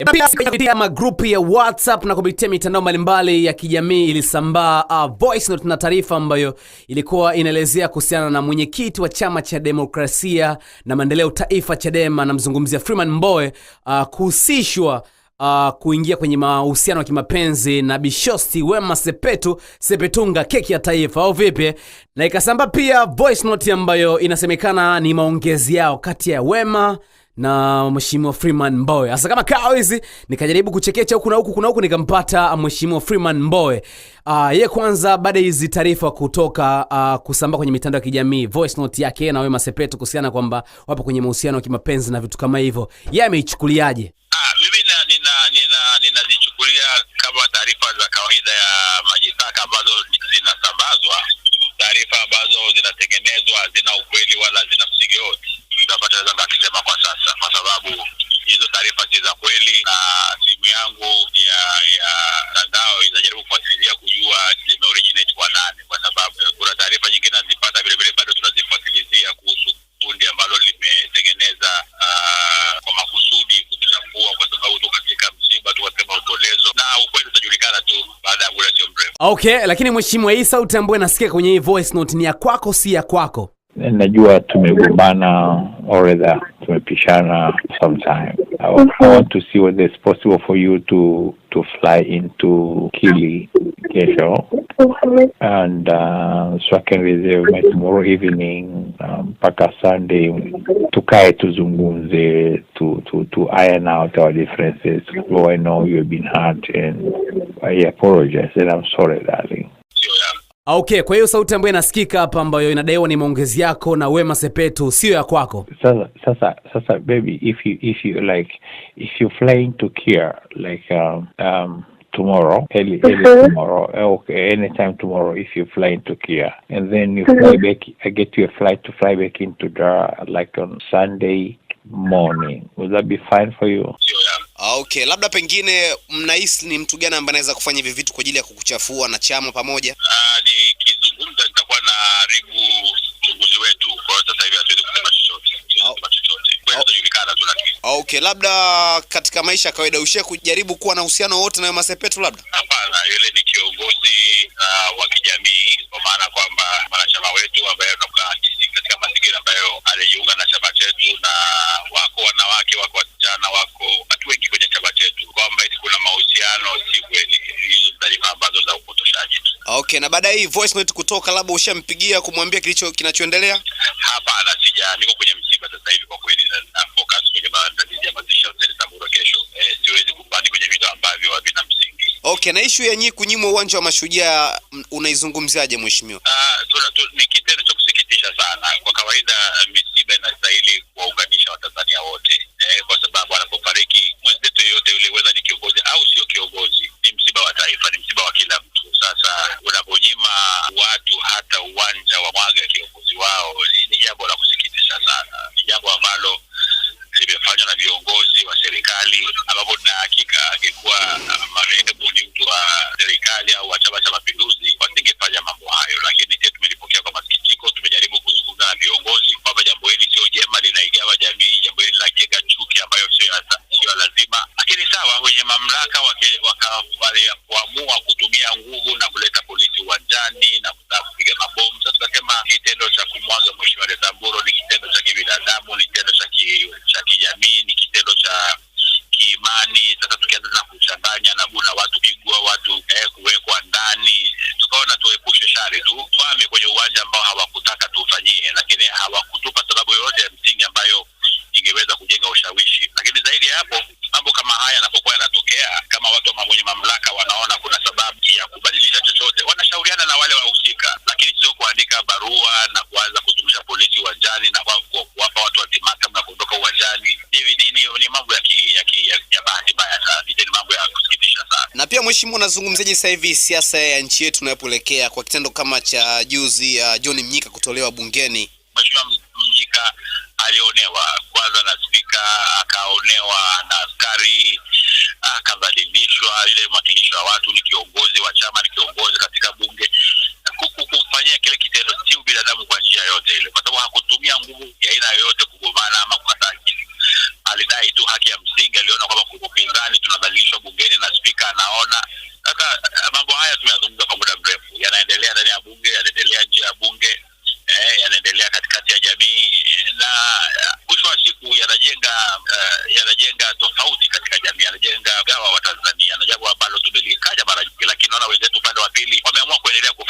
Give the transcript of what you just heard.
E, pia kupitia magrupu ya WhatsApp na kupitia mitandao mbalimbali ya kijamii ilisambaa uh, voice note na taarifa ambayo ilikuwa inaelezea kuhusiana na mwenyekiti wa chama cha demokrasia na maendeleo taifa Chadema, namzungumzia Freeman Mbowe uh, kuhusishwa Uh, kuingia kwenye mahusiano ya kimapenzi na Bishosti Wema Sepetu Sepetunga keki ya taifa au vipi? Na ikasamba pia voice note ambayo inasemekana ni maongezi yao kati ya Wema na mheshimiwa Freeman Mbowe. Sasa kama kawa hizi nikajaribu kuchekecha huku na huku kuna huku nikampata ah, mheshimiwa Freeman Mbowe. Uh, ye kwanza baada hizi taarifa kutoka uh, kusambaa kwenye mitandao ya kijamii voice note yake na Wema Sepetu kuhusiana kwamba wapo kwenye mahusiano ya kimapenzi na vitu kama hivyo. Yeye ameichukuliaje? Ah, mimi na, nina nina ninazichukulia kama taarifa za kawaida ya majitaka ambazo zinasambazwa, taarifa ambazo zinatengenezwa zina ukweli wala kwa sababu hizo taarifa si za kweli, na simu yangu ya ya mtandao inajaribu kufuatilia kujua zimeoriginate kwa nani, kwa sababu kuna taarifa nyingine nazipata vilevile, bado tunazifuatilizia kuhusu kundi ambalo limetengeneza uh, kwa makusudi kutuchafua, kwa sababu tu katika msiba tu maombolezo, na ukweli utajulikana tu baada ya muda sio mrefu. Okay, lakini mheshimiwa, hii sauti ambayo inasikia kwenye hii voice note ni ya kwako, si ya kwako? najua tumegombana or rather tumepishana sometime. I want to see whether it's possible for you to to fly into Kili kesho and uh, so I can reserve my tomorrow evening um, mpaka um, Sunday tukae tuzungumze to, to, to iron out our differences. Well, I know you've been hurt and I apologize and I'm sorry darling. Okay, kwa hiyo sauti ambayo inasikika hapa ambayo inadaiwa ni maongezi yako na Wema Sepetu sio ya kwako. Sasa sasa sasa baby if you if you like if you flying to Kia like um, um tomorrow early, early uh -huh. tomorrow okay anytime tomorrow if you fly into Kia and then you fly back I get you a flight to fly back into Dar like on Sunday morning would that be fine for you? Ah, okay, labda pengine mnahisi ni mtu gani ambaye anaweza kufanya hivi vitu kwa ajili ya kukuchafua na chama pamoja? Ah, kizungumza nitakuwa na haribu uchunguzi wetu, kwa hiyo sasa hivi hatuwezi kusema chochote. Ah, ah. Okay, labda katika maisha ya kawaida ushie kujaribu kuwa na uhusiano wote nayo Masepetu? Labda hapana, yule ni kiongozi uh, wa kijamii, kwa maana kwamba wanachama wetu ambaye anakaa katika mazingira ambayo alijiunga na Okay, na baadaye hii voice note kutoka, labda ushampigia kumwambia kilicho kinachoendelea? Hapana, sija, niko kwenye msiba sasa hivi kwa kweli, na focus kwenye maandalizi ya mazishi ya Msabura kesho. Eh, siwezi kubani kwenye vitu ambavyo havina msingi. Okay, na issue ya nyinyi kunyimwa uwanja wa Mashujaa unaizungumziaje mheshimiwa? Ah, uh, tuna, tu, ni Magufuli, ambapo na hakika angekuwa uh, marehemu ni mtu wa serikali au wa Chama cha Mapinduzi, wasingefanya mambo hayo, lakini tumelipokea kwa masikitiko. Tumejaribu kuzungumza na viongozi kwamba jambo hili sio jema, linaigawa jamii, jambo hili linajenga chuki ambayo sio lazima, lakini sawa, wenye mamlaka wakaamua kutumia nguvu na kuleta polisi uwanjani na kupiga mabomu. Sasa tunasema kitendo cha kumwaga Mheshimiwa Debora ni Mheshimiwa, unazungumziaje sasa hivi siasa ya nchi yetu inayopoelekea kwa kitendo kama cha juzi uh, John Mnyika kutolewa bungeni? Mheshimiwa Mnyika alionewa kwanza na spika, akaonewa na askari, akabadilishwa. ile mwakilishi wa watu ni kiongozi wa chama anaona. Sasa eh, mambo haya tumeyazungumza kwa muda mrefu, yanaendelea ndani ya bunge, yanaendelea nje ya bunge eh, yanaendelea katikati ya jamii eh, na eh, mwisho wa siku yanajenga uh, yanajenga tofauti katika jamii, yanajenga gawa wa Tanzania, na jambo ambalo tumelikaja mara nyingi, lakini naona wenzetu upande wa pili wameamua kuendelea